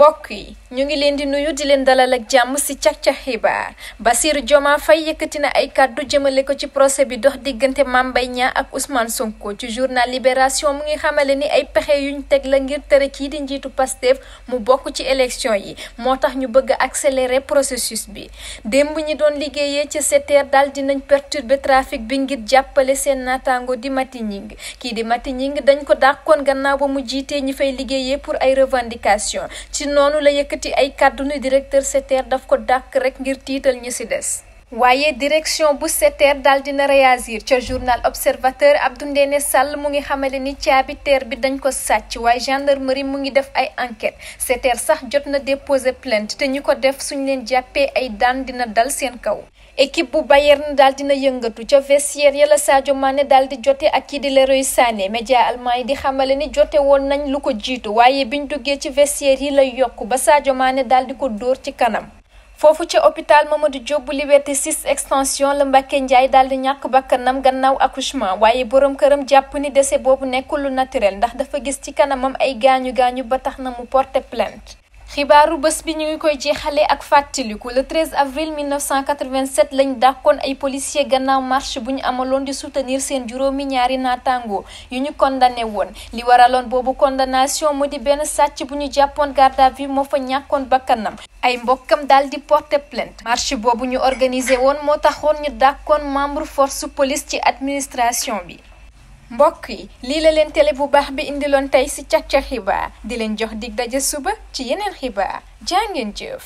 mbokk yi ñu ngi leen di nuyu di leen dalal ak jàmm si càq-càq xibaar Bassirou Diomaye Faye yëkkati na ay kàddu jëmale ko ci procès bi dox diggante Mame Mbaye Niang ak Ousmane Sonko ci journal Libération mu ngi xamale ni ay pexe yu ñu teg la ngir tere kii di njiitu Pastef mu bokk ci élection yi moo tax ñu bëgg a accélérer processus bi démb ñi doon liggéeyee ci SETER daal dinañ perturber trafic bi ngir jàppale seen naataango di Mati Ñing kii di Mati Ñing dañ ko dàqoon gannaaw ba mu jiitee ñi fay liggéeyee pour ay revendication noonu la yëkkati ay kàddu ni directeur SETER daf ko dàq rek ngir tiital ñi ci des. waaye direction bu SETER daal dina réagir ca journal observateur Abdou Ndéné sàll mu ngi xamale ni caabi teer bi dañ ko sàcc waaye gendarmerie mu ngi def ay enquête SETER sax jot na déposer plainte te ñu ko def suñ leen jàppee ay daan dina dal seen kaw. équipe bu Bayern daal dina yëngatu ca vestiaire ya la Sadio Mané daal di jote ak kii di Leroy sànnee média allemand yi di xamale ni jote woon nañ lu ko jiitu waaye biñ duggee ci vestiaire yi lay yokk ba Sadio Mané daal di ko dóor ci kanam. foofu ca hôpital Mamadou Diop bu Liberté 6 extension la Mbacke Ndiaye daal di ñàkk bakkanam gannaaw accouchement waaye borom këram jàpp ni décès boobu nekkul lu naturel ndax dafa gis ci kanamam ay gaañu gaañu ba tax na mu porter plainte xibaaru bés bi ñu ngi koy jeexale ak fàttaliku le 13 avril 1987 lañ dàkkoon ay policier gannaaw marche bu ñu amaloon di soutenir seen juróomi ñaari naataango yu ñu condamné woon li waraloon boobu condamnation mu di benn sàcc bu ñu jàppoon garde à vue moo fa ñàkkoon bakkanam ay mbokkam daal di porter plainte marche boobu ñu organisé woon moo taxoon ñu dàkkoon membre force police ci administration bi mbokk yi lii la leen télé bu baax bi indiloon tey si càq-càq xibaar di leen jox dig daje suba ci yeneen xibaar jaa ngeen jëf.